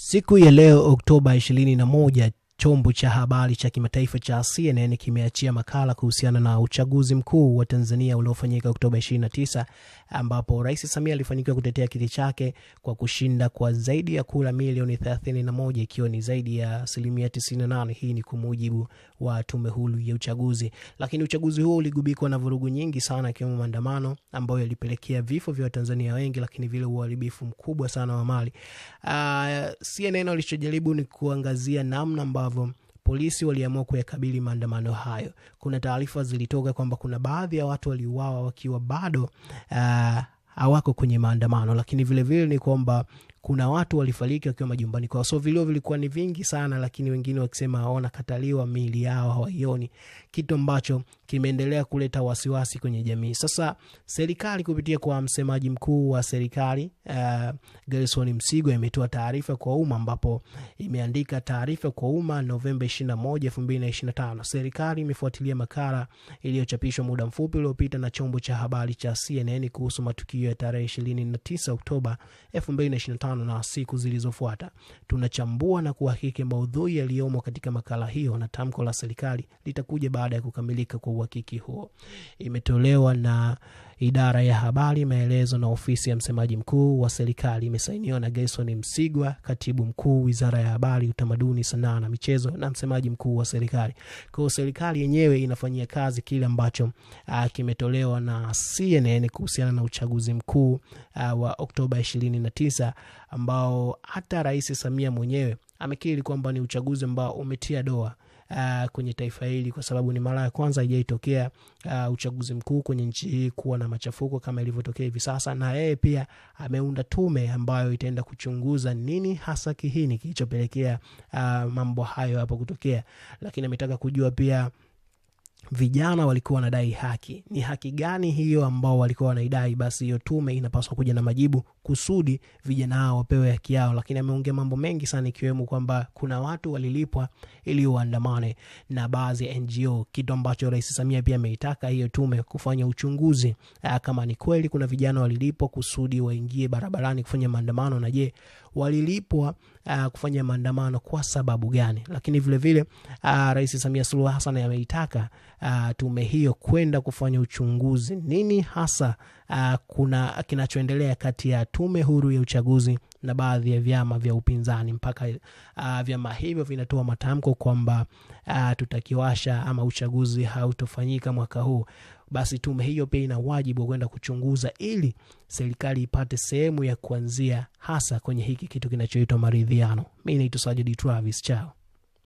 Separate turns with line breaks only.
Siku ya leo Oktoba 21 Chombo cha habari cha kimataifa cha CNN kimeachia makala kuhusiana na uchaguzi mkuu wa Tanzania uliofanyika Oktoba 29 ambapo Rais Samia alifanikiwa kutetea kiti chake kwa kushinda kwa zaidi ya kura milioni 31 ikiwa ni zaidi ya asilimia 98. Hii ni kwa mujibu wa Tume Huru ya Uchaguzi, lakini uchaguzi huo uligubikwa na vurugu nyingi sana, ikiwemo maandamano ambayo yalipelekea vifo vya Watanzania wengi, lakini vile uharibifu mkubwa sana wa mali. Uh, ah, CNN walichojaribu ni kuangazia namna ambao ambavyo polisi waliamua kuyakabili maandamano hayo. Kuna taarifa zilitoka kwamba kuna baadhi ya watu waliuawa wakiwa bado uh, hawako kwenye maandamano, lakini vilevile ni kwamba kuna watu walifariki wakiwa majumbani kwao. So vilio vilikuwa ni vingi sana, lakini wengine wakisema wanakataliwa, miili yao hawaioni, kitu ambacho kimeendelea kuleta wasiwasi kwenye jamii. Sasa serikali kupitia kwa msemaji mkuu wa serikali uh, Gerson Msigwa imetoa taarifa kwa umma ambapo imeandika taarifa kwa umma Novemba 21, 2025. Serikali imefuatilia makala iliyochapishwa muda mfupi uliopita na chombo cha habari cha CNN kuhusu matukio ya tarehe 29 Oktoba 2025 tano na siku zilizofuata. Tunachambua na kuhakiki maudhui yaliyomo katika makala hiyo, na tamko la serikali litakuja baada ya kukamilika kwa uhakiki huo. Imetolewa na idara ya habari, maelezo na ofisi ya msemaji mkuu wa serikali. Imesainiwa na Gerson Msigwa, katibu mkuu wizara ya habari, utamaduni, sanaa na michezo, na msemaji mkuu wa serikali. Kwa serikali yenyewe inafanyia kazi kile ambacho ah, kimetolewa na CNN kuhusiana na uchaguzi mkuu ah, wa Oktoba 29 ambao hata Rais Samia mwenyewe amekiri kwamba ni uchaguzi ambao umetia doa Uh, kwenye taifa hili kwa sababu ni mara ya kwanza haijaitokea uh, uchaguzi mkuu kwenye nchi hii kuwa na machafuko kama ilivyotokea hivi sasa, na yeye pia ameunda tume ambayo itaenda kuchunguza nini hasa kihini kilichopelekea uh, mambo hayo hapo kutokea, lakini ametaka kujua pia vijana walikuwa wanadai haki. Ni haki gani hiyo ambao walikuwa wanaidai? Basi hiyo tume inapaswa kuja na majibu kusudi vijana hao wapewe haki yao. Lakini ameongea mambo mengi sana, ikiwemo kwamba kuna watu walilipwa ili waandamane na baadhi ya NGO, kitu ambacho Rais Samia pia ameitaka hiyo tume kufanya uchunguzi ah, kama ni kweli kuna vijana walilipwa kusudi waingie barabarani kufanya maandamano, na je walilipwa uh, kufanya maandamano kwa sababu gani. Lakini vilevile uh, Rais Samia Suluhu Hassan ameitaka uh, tume hiyo kwenda kufanya uchunguzi nini hasa uh, kuna kinachoendelea kati ya tume huru ya uchaguzi na baadhi ya vyama vya upinzani mpaka uh, vyama hivyo vinatoa matamko kwamba uh, tutakiwasha ama uchaguzi hautofanyika mwaka huu. Basi tume hiyo pia ina wajibu wa kwenda kuchunguza ili serikali ipate sehemu ya kuanzia hasa kwenye hiki kitu kinachoitwa maridhiano. Mi naitwa Sajidi Travis chao.